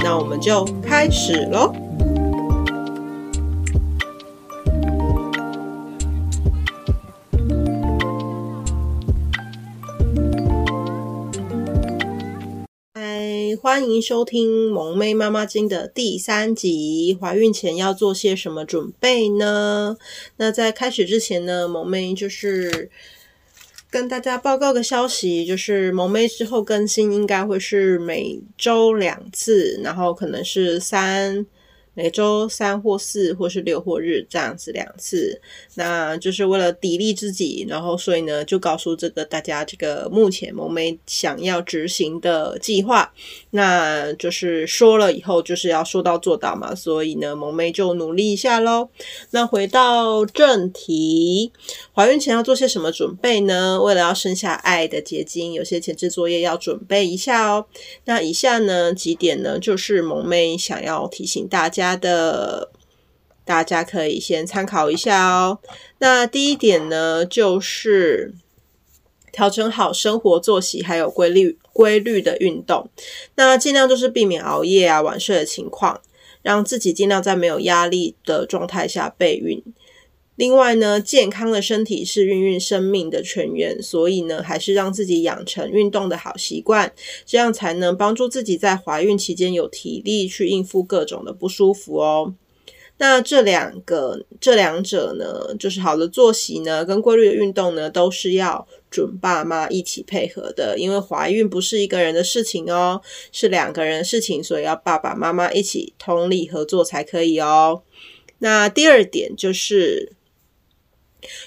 那我們就開始嘍！嗨，歡迎收聽萌咩媽媽經的第三集。懷孕前要做些什麼準備呢？那在開始之前呢，萌咩就是。跟大家報告個消息，就是萌咩之後更新應該會是每周兩次，然後可能是三。每週三或四，或是六或日這樣子兩次，那就是為了砥礪自己。然後，所以呢，就告訴這個大家，這個目前萌咩想要執行的計劃，那就是說了以後就是要說到做到嘛。所以呢，萌咩就努力一下嘍。那回到正題，懷孕前要做些什麼準備呢？為了要生下愛的結晶，有些前置作業要準備一下哦、喔。那以下呢幾點呢，就是萌咩想要提醒大家。它的大家可以先參考一下哦。那第一點呢，就是調整好生活作息，還有規律規律的運動。那盡量就是避免熬夜啊、晚睡的情況，讓自己盡量在沒有壓力的狀態下備孕。另外呢，健康的身體是孕育生命的泉源，所以呢，還是讓自己養成運動的好習慣，這樣才能幫助自己在懷孕期間有體力去應付各種的不舒服哦。那這兩個這兩者呢，就是好的作息呢，跟規律的運動呢，都是要準爸媽一起配合的，因為懷孕不是一個人的事情哦，是兩個人的事情，所以要爸爸媽媽一起通力合作才可以哦。那第二點就是。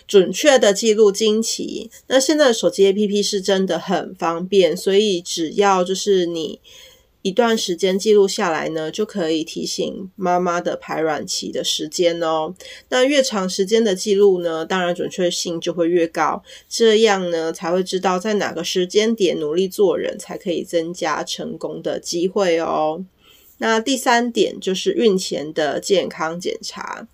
準確的記錄經期，那現在手機 APP 是真的很方便，所以只要就是你一段時間記錄下來呢，就可以提醒媽媽的排卵期的時間哦。那越長時間的記錄呢，當然準確性就會越高，這樣呢才會知道在哪個時間點努力做人才可以增加成功的機會哦。那第三點就是孕前的健康檢查。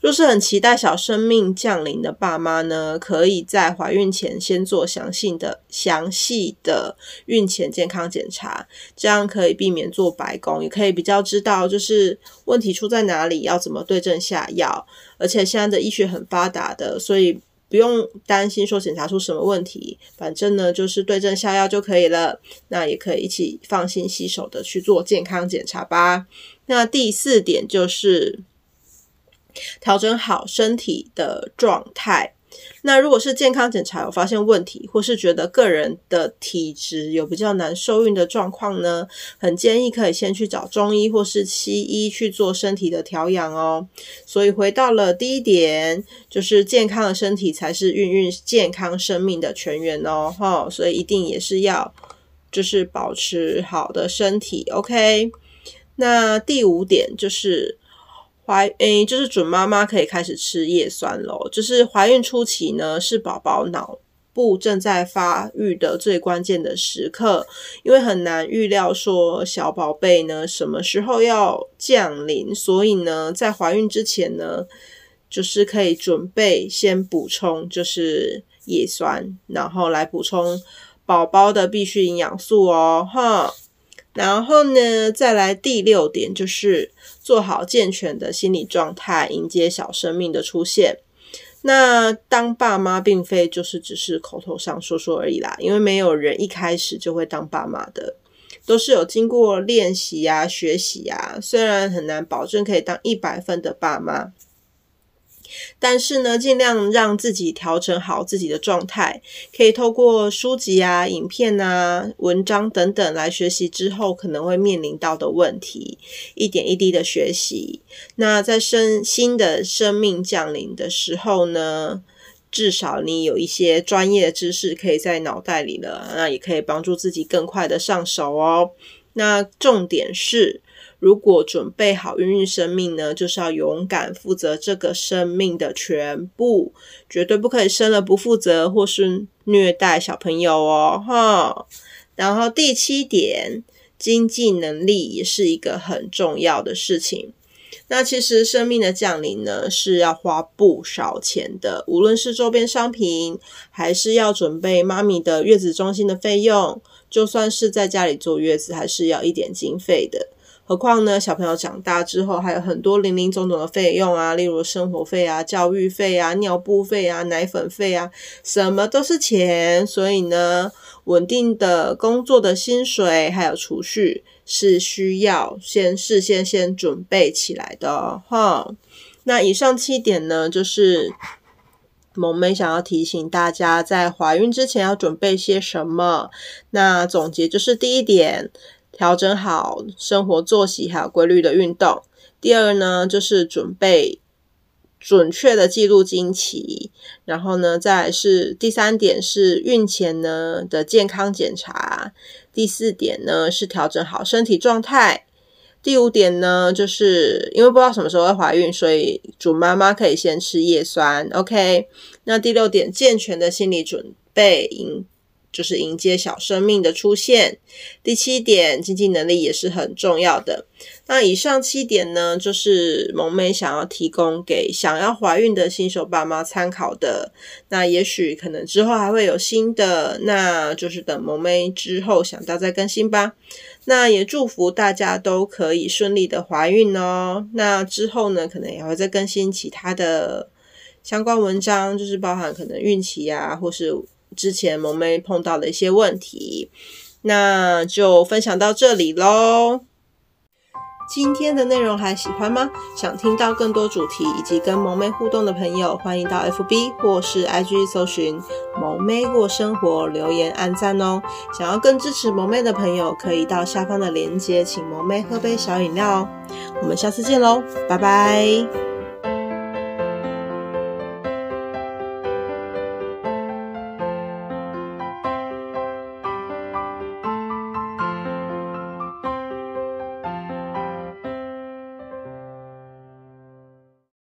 若是很期待小生命降臨的爸媽呢，可以在懷孕前先做詳細的、詳細的孕前健康檢查，這樣可以避免做白工，也可以比較知道就是問題出在哪裡，要怎麼對症下藥。而且現在的醫學很發達的，所以。不用擔心說檢查出什麼問題，反正呢就是對症下藥就可以了。那也可以一起放心洗手的去做健康檢查吧。那第四點就是調整好身體的狀態。那如果是健康檢查有發現問題，或是覺得個人的體質有比較難受孕的狀況呢，很建議可以先去找中醫或是西醫去做身體的調養哦。所以回到了第一點，就是健康的身體才是孕育健康生命的泉源哦。哈、哦，所以一定也是要就是保持好的身體。OK，那第五點就是。懷誒、欸，就是準媽媽可以開始吃葉酸咯，就是懷孕初期呢，是寶寶腦部正在發育的最關鍵的時刻，因為很難預料說小寶貝呢什麼時候要降臨，所以呢，在懷孕之前呢，就是可以準備先補充就是葉酸，然後來補充寶寶的必需營養素哦，哈。然後呢，再來第六點，就是做好健全的心理狀態，迎接小生命的出現。那當爸媽，並非就是只是口頭上說說而已啦，因為沒有人一開始就會當爸媽的，都是有經過練習呀、學習呀，雖然很難保證可以當一百分的爸媽。但是呢，盡量讓自己調整好自己的狀態，可以透過書籍啊、影片啊、文章等等來學習之後可能會面臨到的問題，一點一滴的學習。那在生新的生命降臨的時候呢，至少你有一些專業知識可以在腦袋裡了，那也可以幫助自己更快的上手哦。那重點是。如果準備好孕育生命呢，就是要勇敢負責這個生命的全部，絕對不可以生了不負責或是虐待小朋友哦，哈。然後第七點，經濟能力也是一個很重要的事情。那其實生命的降臨呢，是要花不少錢的，無論是週邊商品，還是要準備媽咪的月子中心的費用，就算是在家裡坐月子，還是要一點經費的。何況呢，小朋友長大之後還有很多零零總總的費用啊，例如生活費啊、教育費啊、尿布費啊、奶粉費啊，什麼都是錢。所以呢，穩定的工作的薪水還有儲蓄是需要先事先先準備起來的哈、哦哦。那以上七點呢，就是萌咩想要提醒大家，在懷孕之前要準備些什麼。那總結就是第一點。調整好生活作息，還有規律的運動。第二呢，就是準備準確的記錄經期。然後呢，再來是第三點是孕前呢的健康檢查。第四點呢，是調整好身體狀態。第五點呢，就是因為不知道什麼時候會懷孕，所以準媽媽可以先吃葉酸。OK，那第六點，健全的心理準備。就是迎接小生命的出現。第七點，經濟能力也是很重要的。那以上七點呢，就是萌咩想要提供給想要懷孕的新手爸媽參考的。那也許可能之後還會有新的，那就是等萌咩之後想到再更新吧。那也祝福大家都可以順利的懷孕哦。那之後呢，可能也會再更新其他的相關文章，就是包含可能孕期啊，或是。之前萌咩碰到的一些問題，那就分享到這裡嘍。今天的內容還喜歡嗎？想聽到更多主題以及跟萌咩互動的朋友，歡迎到 FB 或是 IG 搜尋“萌咩過生活”留言按讚哦。想要更支持萌咩的朋友，可以到下方的鏈接，請萌咩喝杯小飲料哦。我們下次見嘍，拜拜。